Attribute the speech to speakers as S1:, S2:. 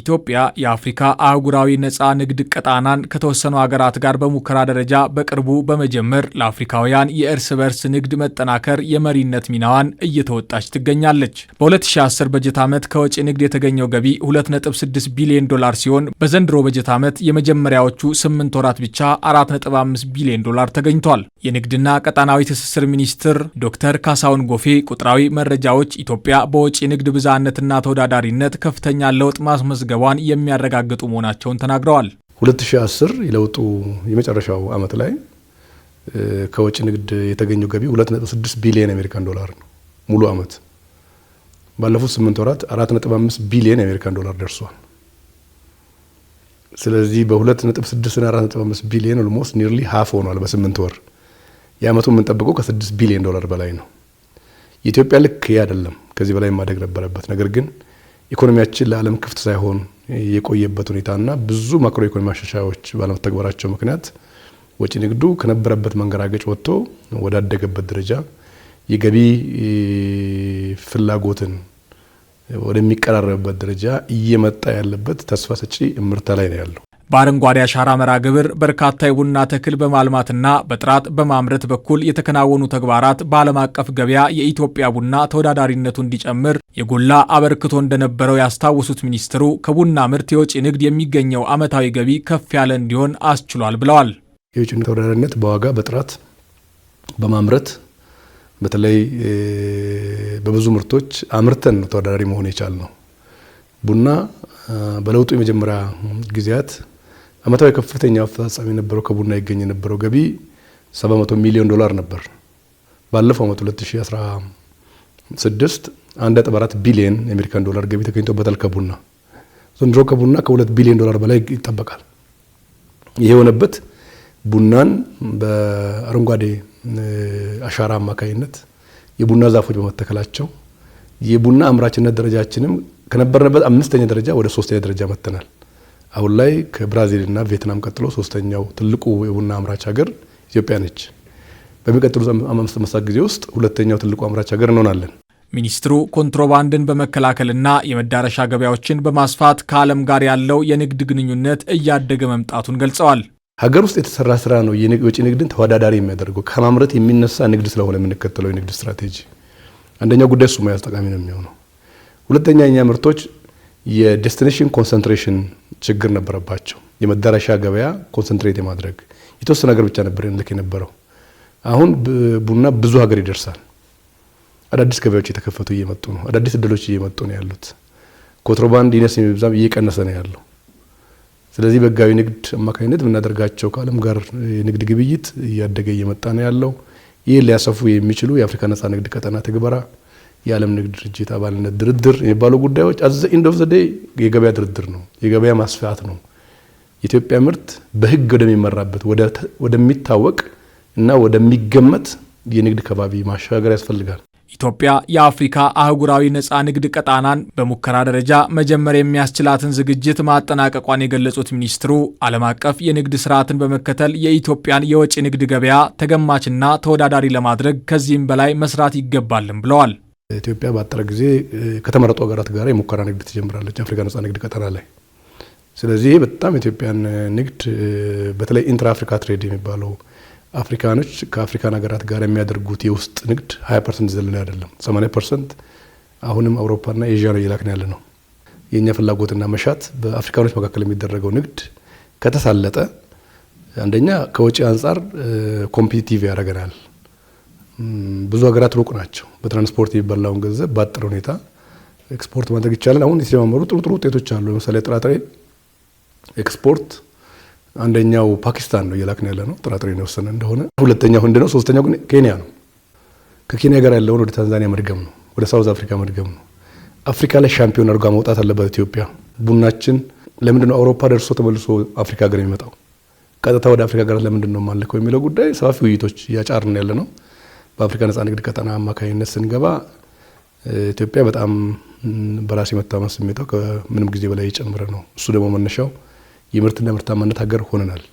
S1: ኢትዮጵያ የአፍሪካ አህጉራዊ ነፃ ንግድ ቀጣናን ከተወሰኑ ሀገራት ጋር በሙከራ ደረጃ በቅርቡ በመጀመር ለአፍሪካውያን የእርስ በርስ ንግድ መጠናከር የመሪነት ሚናዋን እየተወጣች ትገኛለች። በ2010 በጀት ዓመት ከወጪ ንግድ የተገኘው ገቢ 2.6 ቢሊዮን ዶላር ሲሆን በዘንድሮ በጀት ዓመት የመጀመሪያዎቹ 8 ወራት ብቻ 4.5 ቢሊዮን ዶላር ተገኝቷል። የንግድና ቀጣናዊ ትስስር ሚኒስትር ዶክተር ካሳሁን ጎፌ ቁጥራዊ መረጃዎች ኢትዮጵያ በወጪ ንግድ ብዝሃነትና ተወዳዳሪነት ከፍተኛ ለውጥ ማስመዝገ ምዝገባዋን የሚያረጋግጡ መሆናቸውን ተናግረዋል።
S2: 2010 የለውጡ የመጨረሻው ዓመት ላይ ከወጪ ንግድ የተገኘው ገቢ 2.6 ቢሊዮን አሜሪካን ዶላር ነው። ሙሉ ዓመት ባለፉት 8 ወራት 4.5 ቢሊዮን አሜሪካን ዶላር ደርሷል። ስለዚህ በ2.6 እና 4.5 ቢሊዮን ኦልሞስት ኒርሊ ሀፍ ሆኗል። በ8 ወር የዓመቱ የምንጠብቀው ከ6 ቢሊዮን ዶላር በላይ ነው። ኢትዮጵያ ልክ ይህ አይደለም። ከዚህ በላይ ማደግ ነበረበት። ነገር ግን ኢኮኖሚያችን ለዓለም ክፍት ሳይሆን የቆየበት ሁኔታና ብዙ ማክሮ ኢኮኖሚ ማሻሻያዎች ባለመተግበራቸው ምክንያት ወጪ ንግዱ ከነበረበት መንገራገጭ ወጥቶ ወዳደገበት ደረጃ የገቢ ፍላጎትን ወደሚቀራረብበት ደረጃ እየመጣ ያለበት ተስፋ ሰጪ እምርታ ላይ ነው ያለው።
S1: በአረንጓዴ አሻራ መርሃ ግብር በርካታ የቡና ተክል በማልማትና በጥራት በማምረት በኩል የተከናወኑ ተግባራት በዓለም አቀፍ ገበያ የኢትዮጵያ ቡና ተወዳዳሪነቱ እንዲጨምር የጎላ አበርክቶ እንደነበረው ያስታወሱት ሚኒስትሩ ከቡና ምርት የውጭ ንግድ የሚገኘው ዓመታዊ ገቢ ከፍ ያለ እንዲሆን አስችሏል ብለዋል።
S2: የውጭ ተወዳዳሪነት በዋጋ በጥራት በማምረት በተለይ በብዙ ምርቶች አምርተን ነው ተወዳዳሪ መሆን የቻል ነው ቡና በለውጡ የመጀመሪያ ጊዜያት አመታዊ ከፍተኛ አፈጻጸም የነበረው ከቡና ይገኝ የነበረው ገቢ 700 ሚሊዮን ዶላር ነበር። ባለፈው ዓመት 2016 1.4 ቢሊዮን የአሜሪካን ዶላር ገቢ ተገኝቶበታል ከቡና ዘንድሮ ከቡና ከሁለት ቢሊዮን ዶላር በላይ ይጠበቃል። ይህ የሆነበት ቡናን በአረንጓዴ አሻራ አማካኝነት የቡና ዛፎች በመተከላቸው የቡና አምራችነት ደረጃችንም ከነበርንበት አምስተኛ ደረጃ ወደ ሶስተኛ ደረጃ መጥተናል። አሁን ላይ ከብራዚልና ቪየትናም ቀጥሎ ሶስተኛው ትልቁ የቡና አምራች ሀገር ኢትዮጵያ ነች። በሚቀጥሉት አምስት ዓመታት ጊዜ ውስጥ ሁለተኛው ትልቁ አምራች ሀገር እንሆናለን።
S1: ሚኒስትሩ ኮንትሮባንድን በመከላከልና የመዳረሻ ገበያዎችን በማስፋት ከዓለም ጋር ያለው የንግድ ግንኙነት እያደገ መምጣቱን ገልጸዋል።
S2: ሀገር ውስጥ የተሰራ ስራ ነው የውጭ ንግድን ተወዳዳሪ የሚያደርገው ከማምረት የሚነሳ ንግድ ስለሆነ የምንከተለው የንግድ ስትራቴጂ አንደኛው ጉዳይ እሱ መያዝ ጠቃሚ ነው የሚሆነው። ሁለተኛ የኛ ምርቶች የዴስቲኔሽን ኮንሰንትሬሽን ችግር ነበረባቸው። የመዳረሻ ገበያ ኮንሰንትሬት የማድረግ የተወሰነ ሀገር ብቻ ነበር ልክ የነበረው። አሁን ቡና ብዙ ሀገር ይደርሳል። አዳዲስ ገበያዎች የተከፈቱ እየመጡ ነው። አዳዲስ እድሎች እየመጡ ነው ያሉት። ኮንትሮባንድ ይነስ የሚብዛም እየቀነሰ ነው ያለው። ስለዚህ በህጋዊ ንግድ አማካኝነት የምናደርጋቸው ከዓለም ጋር የንግድ ግብይት እያደገ እየመጣ ነው ያለው። ይህ ሊያሰፉ የሚችሉ የአፍሪካ ነጻ ንግድ ቀጠና ትግበራ የዓለም ንግድ ድርጅት አባልነት ድርድር የሚባሉ ጉዳዮች አዘ ኢንድ ኦፍ ዘ ዴይ የገበያ ድርድር ነው፣ የገበያ ማስፋት ነው። የኢትዮጵያ ምርት በህግ ወደሚመራበት ወደሚታወቅ እና ወደሚገመት የንግድ ከባቢ ማሻገር ያስፈልጋል።
S1: ኢትዮጵያ የአፍሪካ አህጉራዊ ነፃ ንግድ ቀጣናን በሙከራ ደረጃ መጀመር የሚያስችላትን ዝግጅት ማጠናቀቋን የገለጹት ሚኒስትሩ ዓለም አቀፍ የንግድ ስርዓትን በመከተል የኢትዮጵያን የወጪ ንግድ ገበያ ተገማችና ተወዳዳሪ ለማድረግ ከዚህም በላይ መስራት ይገባልም ብለዋል።
S2: ኢትዮጵያ በአጠረ ጊዜ ከተመረጡ ሀገራት ጋር የሙከራ ንግድ ትጀምራለች አፍሪካ ነጻ ንግድ ቀጠና ላይ። ስለዚህ ይሄ በጣም ኢትዮጵያን ንግድ በተለይ ኢንትራ አፍሪካ ትሬድ የሚባለው አፍሪካኖች ከአፍሪካን ሀገራት ጋር የሚያደርጉት የውስጥ ንግድ 20 ፐርሰንት ዘለን አይደለም፣ 80 ፐርሰንት አሁንም አውሮፓና ኤዥያ ነው እየላክን ያለ ነው። የእኛ ፍላጎትና መሻት በአፍሪካኖች መካከል የሚደረገው ንግድ ከተሳለጠ አንደኛ ከውጪ አንጻር ኮምፒቲቲቭ ያደርገናል። ብዙ ሀገራት ሩቅ ናቸው። በትራንስፖርት የሚበላውን ገንዘብ በአጥር ሁኔታ ኤክስፖርት ማድረግ ይቻላል። አሁን የተጀማመሩ ጥሩ ጥሩ ውጤቶች አሉ። ለምሳሌ ጥራጥሬ ኤክስፖርት አንደኛው ፓኪስታን ነው እየላክን ያለ ነው ጥራጥሬ የወሰነ እንደሆነ፣ ሁለተኛው ህንድ ነው፣ ሶስተኛው ግን ኬንያ ነው። ከኬንያ ጋር ያለውን ወደ ታንዛኒያ መድገም ነው፣ ወደ ሳውዝ አፍሪካ መድገም ነው። አፍሪካ ላይ ሻምፒዮን አድርጋ መውጣት አለበት ኢትዮጵያ። ቡናችን ለምንድን ነው አውሮፓ ደርሶ ተመልሶ አፍሪካ ሀገር የሚመጣው? ቀጥታ ወደ አፍሪካ ሀገራት ለምንድን ነው ማለከው የሚለው ጉዳይ ሰፋፊ ውይይቶች እያጫርን ያለ ነው። በአፍሪካ ነጻ ንግድ ቀጠና አማካኝነት ስንገባ ኢትዮጵያ በጣም በራስ የመታመን ስሜቷ ከምንም ጊዜ በላይ የጨመረ ነው። እሱ ደግሞ መነሻው የምርትና ምርታማነት ሀገር ሆነናል።